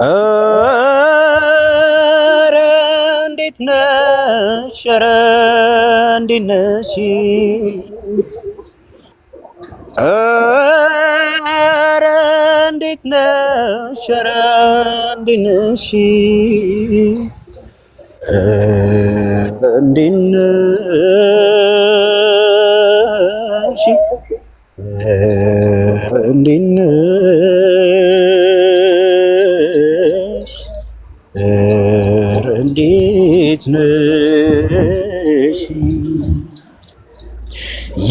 ኧረ እንዴት ነሽ? ኧረ እንዴት ነሽ? ኧረ እንዴት ነሽ? ኧረ እንዴት ነሽ? እንዴት ነሽ? እንዴት ነሽ? እንዴት ነሽ?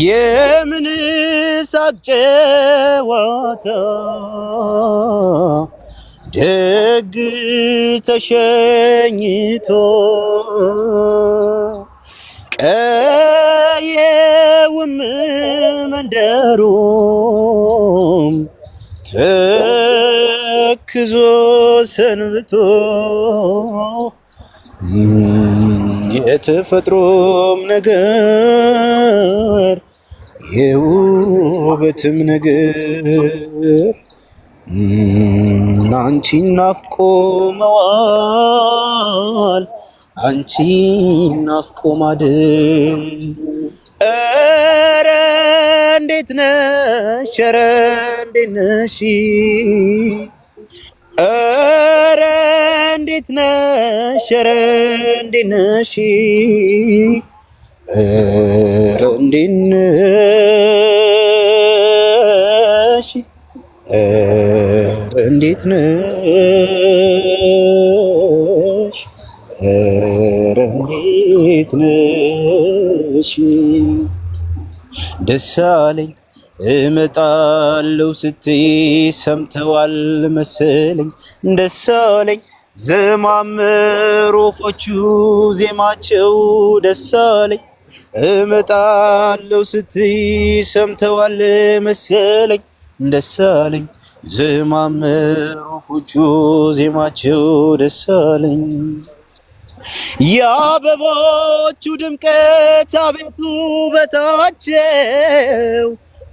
የምንስ አጨዋወታ ደግ ተሸኝቶ ቀየውም መንደሩም ተክዞ ሰንብቶ የተፈጥሮም ነገር የውበትም ነገር አንቺን ናፍቆ መዋል አንቺን ናፍቆ ማደር ኧረ እንዴት ነሽ ኧረ እንዴት ነሽ እንዴት ነሽ? ኧረ እንዴት ነሽ? ኧረ እንዴት ነሽ? ኧረ እንዴት ነሽ? ኧረ እንዴት ነሽ? ደስ አለኝ እመጣለሁ ስትይ ሰምተዋል መሰለኝ ደስ አለኝ ዘማምር ወፎቹ ዜማቸው ደሳለኝ እመጣለው ስትይ ሰምተዋል መሰለኝ ደሳለኝ ዘማምር ወፎቹ ዜማቸው ደሳለኝ የአበቦቹ ድምቀት አቤቱ በታቸው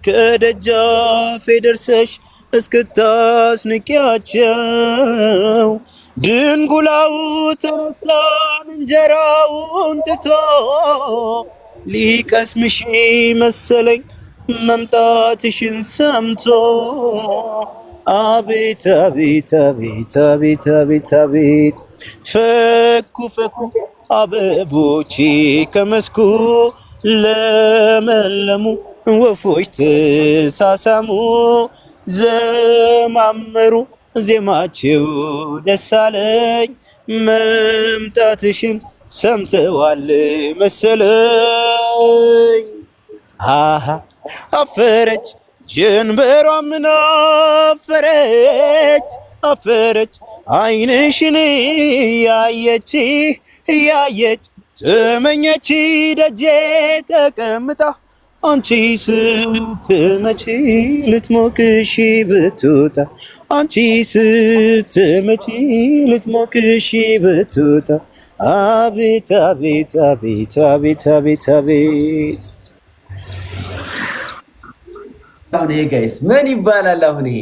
ከደጃፌ ደርሰሽ እስክታስንቂያቸው ድንጉላው ተረሳን እንጀራውን ትቶ ሊቀስምሽ መሰለኝ መምጣትሽን ሰምቶ አቤት አቤት አቤት አቤት አቤት አቤት ፈኩ ፈኩ አበቦች ከመስኩ ለመለሙ ወፎች ተሳሳሙ ዘማመሩ ዜማችው ደስ አለኝ መምጣትሽን ሰምተዋል መሰለኝ። አሀ አፈረች ጀንበሯ ምን አፈረች አፈረች አይንሽን ያየች ያየች ተመኘች ደጄ ተቀምጣ አንቺ ስትመጪ ልትሞቅሽ ብትወጣ አንቺ ስትመጪ ልትሞቅሽ ብትወጣ አቤት አቤት አቤት አቤት አቤት አቤት። አሁን ይሄ ጋይስ ምን ይባላል? አሁን ይሄ